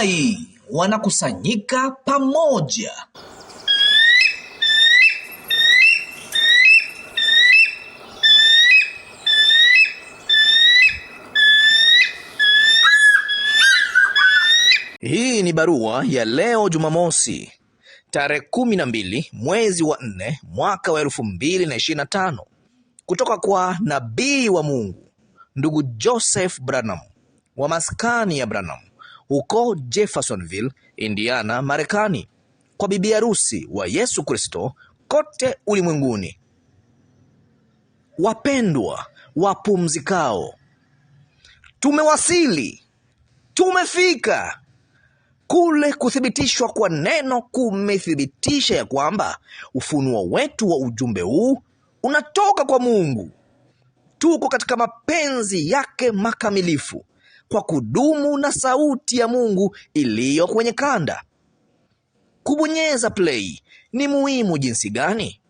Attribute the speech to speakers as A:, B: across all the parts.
A: Tai wanakusanyika pamoja. Hii ni barua ya leo Jumamosi tarehe kumi na mbili mwezi wa nne mwaka wa elfu mbili na ishirini na tano kutoka kwa nabii wa Mungu ndugu Joseph Branham wa maskani ya Branham huko Jeffersonville, Indiana, Marekani, kwa bibi harusi wa Yesu Kristo kote ulimwenguni. Wapendwa wapumzikao, tumewasili, tumefika. Kule kuthibitishwa kwa neno kumethibitisha ya kwamba ufunuo wetu wa ujumbe huu unatoka kwa Mungu. Tuko katika mapenzi yake makamilifu kwa kudumu na sauti ya Mungu iliyo kwenye kanda. Kubonyeza play ni muhimu jinsi gani?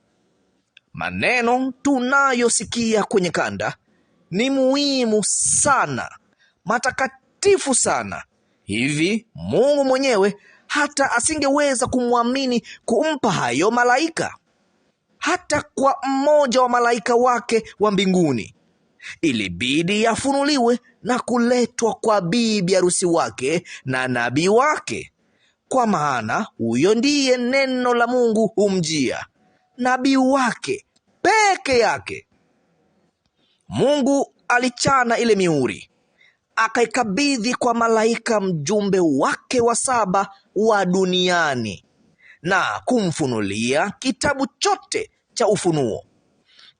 A: Maneno tunayosikia kwenye kanda ni muhimu sana, matakatifu sana. Hivi Mungu mwenyewe hata asingeweza kumwamini kumpa hayo malaika, hata kwa mmoja wa malaika wake wa mbinguni. Ilibidi yafunuliwe na kuletwa kwa bibi harusi wake na nabii wake, kwa maana huyo ndiye neno la Mungu humjia nabii wake peke yake. Mungu alichana ile mihuri akaikabidhi kwa malaika mjumbe wake wa saba wa duniani na kumfunulia kitabu chote cha Ufunuo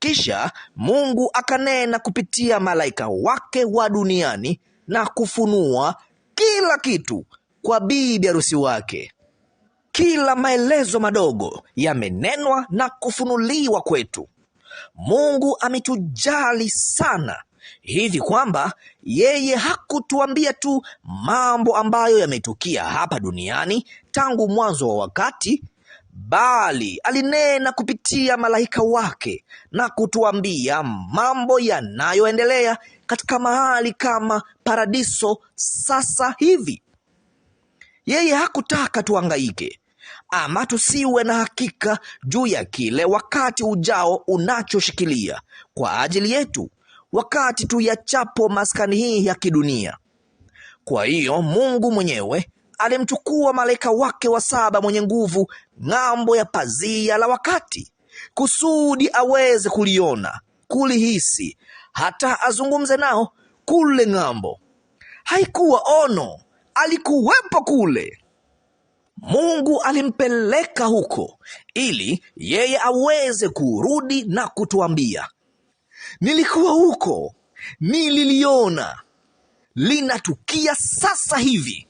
A: kisha Mungu akanena kupitia malaika wake wa duniani na kufunua kila kitu kwa bibi harusi wake. Kila maelezo madogo yamenenwa na kufunuliwa kwetu. Mungu ametujali sana hivi kwamba yeye hakutuambia tu mambo ambayo yametukia hapa duniani tangu mwanzo wa wakati bali alinena kupitia malaika wake na kutuambia mambo yanayoendelea katika mahali kama paradiso sasa hivi. Yeye hakutaka tuangaike ama tusiwe na hakika juu ya kile wakati ujao unachoshikilia kwa ajili yetu wakati tuyachapo maskani hii ya kidunia. Kwa hiyo Mungu mwenyewe alimchukua malaika wake wa saba mwenye nguvu ng'ambo ya pazia la wakati, kusudi aweze kuliona, kulihisi, hata azungumze nao kule ng'ambo. Haikuwa ono, alikuwepo kule. Mungu alimpeleka huko ili yeye aweze kurudi na kutuambia, nilikuwa huko, nililiona, linatukia sasa hivi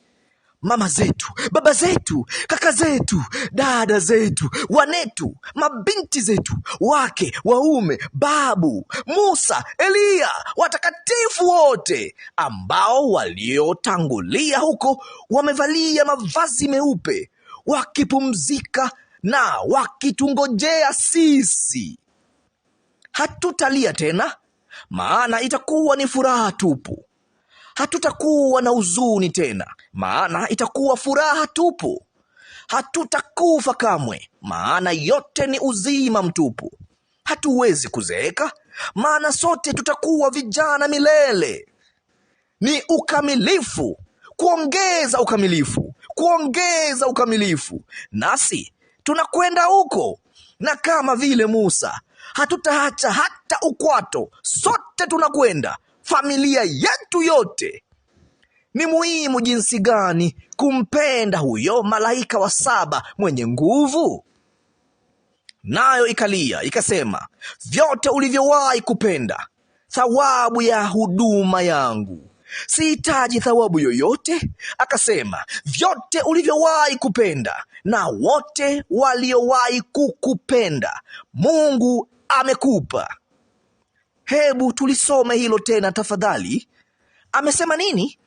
A: mama zetu, baba zetu, kaka zetu, dada zetu, wanetu, mabinti zetu, wake, waume, babu, Musa, Eliya, watakatifu wote ambao waliotangulia huko wamevalia mavazi meupe, wakipumzika na wakitungojea sisi. Hatutalia tena, maana itakuwa ni furaha tupu hatutakuwa na huzuni tena, maana itakuwa furaha tupu. Hatutakufa kamwe, maana yote ni uzima mtupu. Hatuwezi kuzeeka, maana sote tutakuwa vijana milele. Ni ukamilifu, kuongeza ukamilifu, kuongeza ukamilifu, nasi tunakwenda huko, na kama vile Musa hatutaacha hata ukwato, sote tunakwenda familia yetu yote. Ni muhimu jinsi gani kumpenda huyo malaika wa saba mwenye nguvu! Nayo ikalia ikasema, vyote ulivyowahi kupenda, thawabu ya huduma yangu sihitaji thawabu yoyote. Akasema, vyote ulivyowahi kupenda na wote waliowahi kukupenda Mungu amekupa. Hebu tulisome hilo tena tafadhali. Amesema nini?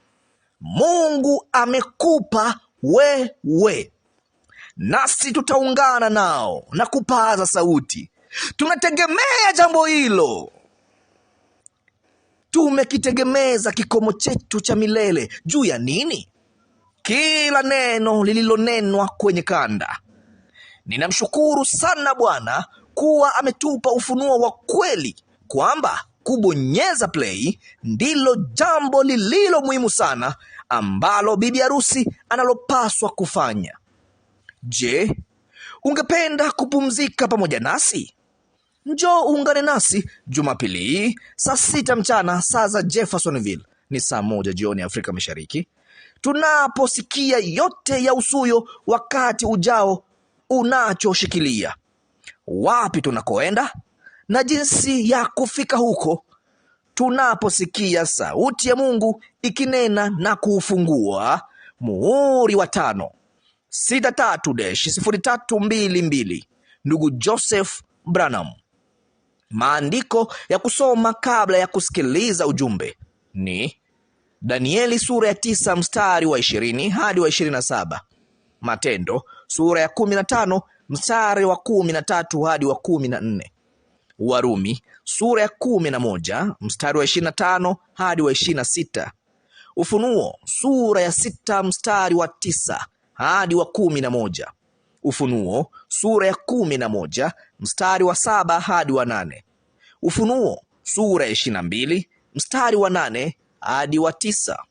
A: Mungu amekupa wewe, nasi tutaungana nao na kupaza sauti. Tunategemea jambo hilo, tumekitegemeza kikomo chetu cha milele juu ya nini? Kila neno lililonenwa kwenye kanda. Ninamshukuru sana Bwana kuwa ametupa ufunuo wa kweli kwamba kubonyeza play ndilo jambo lililo muhimu sana ambalo bibi harusi analopaswa kufanya. Je, ungependa kupumzika pamoja nasi? Njoo uungane nasi Jumapili hii saa sita mchana saa za Jeffersonville, ni saa moja jioni Afrika Mashariki, tunaposikia yote ya usuyo wakati ujao unachoshikilia, wapi tunakoenda na jinsi ya kufika huko. Tunaposikia sauti ya Mungu ikinena na kuufungua muhuri wa tano mbili mbili Ndugu Joseph Branham. Maandiko ya kusoma kabla ya kusikiliza ujumbe ni Danieli sura ya tisa mstari wa ishirini hadi wa ishirini na saba Matendo sura ya kumi na tano mstari wa kumi na tatu hadi wa kumi na nne Warumi sura ya kumi na moja mstari wa ishirini na tano hadi wa ishirini na sita Ufunuo sura ya sita mstari wa tisa hadi wa kumi na moja Ufunuo sura ya kumi na moja mstari wa saba hadi wa nane Ufunuo sura ya ishirini na mbili mstari wa nane hadi wa tisa